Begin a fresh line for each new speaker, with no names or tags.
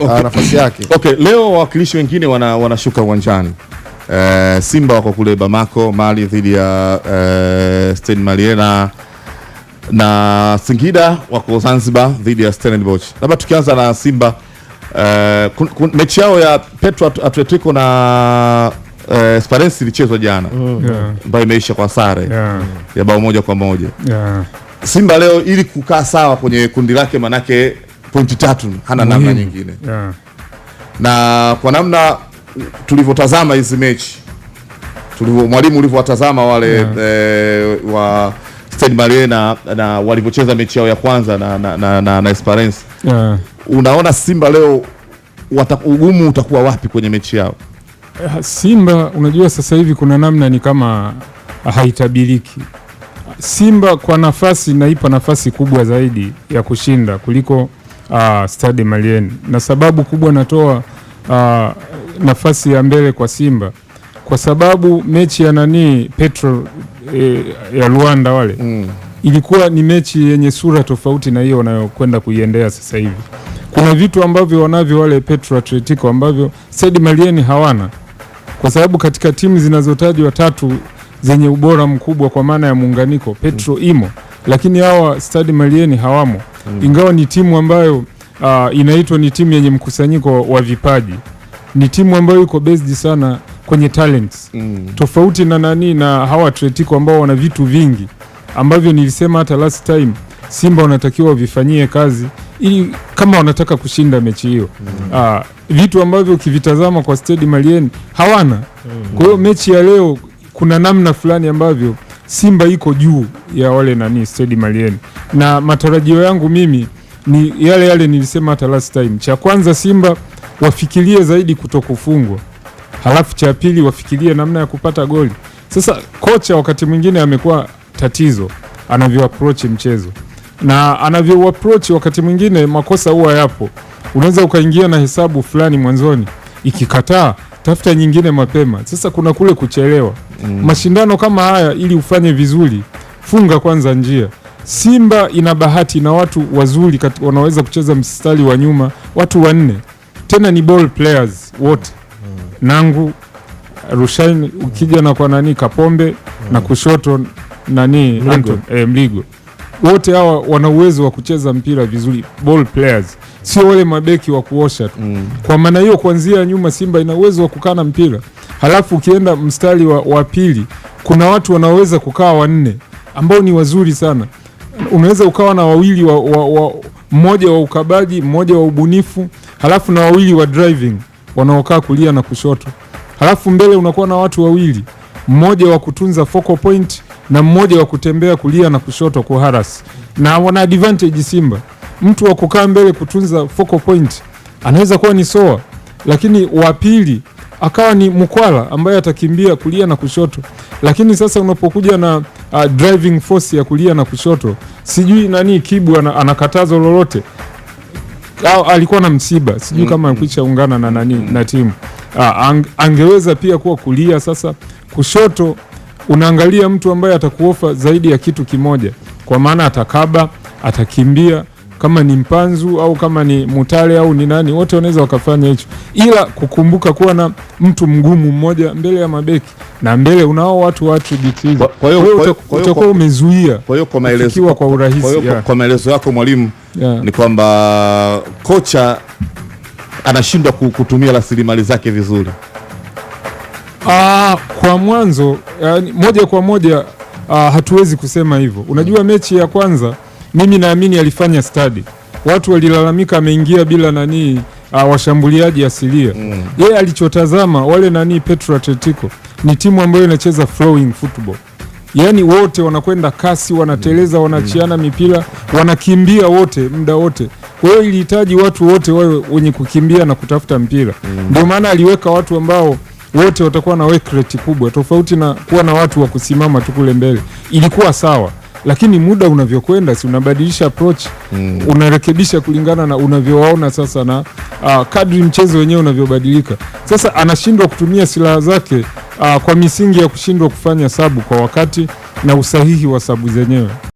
Ah, okay. nafasi yake okay. Leo wawakilishi wengine wana, wanashuka uwanjani e, Simba wako kule Bamako Mali dhidi ya e, Stade Malien na Singida wako Zanzibar dhidi ya Stellenbosch. Labda tukianza na Simba e, kun, kun, mechi yao ya Petro Atletico na Uh, ilichezwa jana mm. ambayo yeah. imeisha kwa sare yeah. ya bao moja kwa moja yeah. Simba leo ili kukaa sawa kwenye kundi lake manake pointi tatu, hana namna nyingine yeah. Na kwa namna tulivyotazama hizi mechi tulivyo, mwalimu ulivyowatazama wale yeah. E, wa Stade Malien na, na walivyocheza mechi yao ya kwanza na, na, na, na, na Esperance yeah. Unaona Simba leo ugumu utakuwa wapi kwenye mechi yao
eh, Simba? Unajua sasa hivi kuna namna ni kama haitabiriki Simba kwa nafasi naipa nafasi kubwa zaidi ya kushinda kuliko uh, ah, Stade Malien, na sababu kubwa natoa uh, nafasi ya mbele kwa Simba kwa sababu mechi ya nani Petro eh, ya Rwanda wale mm. ilikuwa ni mechi yenye sura tofauti na hiyo wanayokwenda kuiendea sasa hivi. Kuna vitu ambavyo wanavyo wale Petro Atletico ambavyo Stade Malien hawana, kwa sababu katika timu zinazotajwa tatu zenye ubora mkubwa kwa maana ya muunganiko Petro mm. imo lakini hawa Stade Malien hawamo mm. ingawa ni timu ambayo uh, inaitwa ni timu yenye mkusanyiko wa vipaji, ni timu ambayo iko based sana kwenye talents mm. tofauti na nani na hawa Atletico ambao wana vitu vingi ambavyo nilisema hata last time Simba wanatakiwa vifanyie kazi ili kama wanataka kushinda mechi hiyo mm. uh, vitu ambavyo ukivitazama kwa Stade Malien hawana mm. Kwa hiyo mechi ya leo kuna namna fulani ambavyo Simba iko juu ya wale nani Stade Malien, na matarajio yangu mimi ni yale yale nilisema hata last time. Cha kwanza Simba wafikirie zaidi kutokufungwa, halafu cha pili wafikirie namna ya kupata goli. Sasa kocha wakati mwingine amekuwa tatizo anavyo approach mchezo na anavyo approach, wakati mwingine makosa huwa yapo. Unaweza ukaingia na hesabu fulani mwanzoni, ikikataa tafuta nyingine mapema. Sasa kuna kule kuchelewa mm. Mashindano kama haya ili ufanye vizuri, funga kwanza njia. Simba ina bahati na watu wazuri wanaweza kucheza mstari wa nyuma watu wanne, tena ni ball players wote mm. Nangu Rushaini ukija na kwa nani Kapombe mm. na kushoto nani Anton, eh, Mligo wote hawa wana uwezo wa kucheza mpira vizuri, ball players, sio wale mabeki wa kuosha tu mm. Kwa maana hiyo, kuanzia nyuma Simba ina uwezo wa kukana mpira, halafu ukienda mstari wa, wa pili kuna watu wanaweza kukaa wanne ambao ni wazuri sana. Unaweza ukawa na wawili wa, wa, wa, mmoja wa ukabaji, mmoja wa ubunifu, halafu na wawili wa driving wanaokaa kulia na kushoto, halafu mbele unakuwa na watu wawili, mmoja wa kutunza focal point na mmoja wa kutembea kulia na kushoto kuharas, na wana advantage Simba. Mtu wa kukaa mbele kutunza focal point anaweza kuwa ni Soa, lakini wa pili akawa ni Mkwala ambaye atakimbia kulia na kushoto, lakini sasa unapokuja na uh, driving force ya kulia na kushoto, sijui nani Kibu anakatazo lolote au alikuwa na msiba sijui mm, kama mm-hmm. amekwisha ungana na nani mm, na timu uh, ang, angeweza pia kuwa kulia sasa kushoto unaangalia mtu ambaye atakuofa zaidi ya kitu kimoja, kwa maana atakaba, atakimbia kama ni mpanzu au kama ni mutale au ni nani, wote wanaweza wakafanya hicho, ila kukumbuka kuwa na mtu mgumu mmoja mbele ya mabeki na mbele unao watu wa attribute hizo. Kwa hiyo utakuwa umezuia
kiwa kwa urahisi. Kwa hiyo kwa maelezo yako mwalimu, yeah, ni kwamba kocha anashindwa kutumia rasilimali zake vizuri.
Aa, ah, kwa mwanzo yani, moja kwa moja aa, ah, hatuwezi kusema hivyo. Unajua mechi ya kwanza mimi naamini alifanya study. watu walilalamika ameingia bila nani Uh, washambuliaji asilia mm. alichotazama wale nani Petro Atletico ni timu ambayo inacheza flowing football, yaani wote wanakwenda kasi, wanateleza, mm. wanachiana mipira, wanakimbia wote muda wote. Kwa hiyo ilihitaji watu wote wawe wenye kukimbia na kutafuta mpira, mm. ndio mm. maana aliweka watu ambao wote watakuwa na wekreti kubwa, tofauti na kuwa na watu wa kusimama tu kule mbele. Ilikuwa sawa, lakini muda unavyokwenda, si unabadilisha approach mm. unarekebisha kulingana na unavyowaona sasa na uh, kadri mchezo wenyewe unavyobadilika. Sasa anashindwa kutumia silaha zake uh, kwa misingi ya kushindwa kufanya sabu kwa wakati na usahihi wa sabu zenyewe.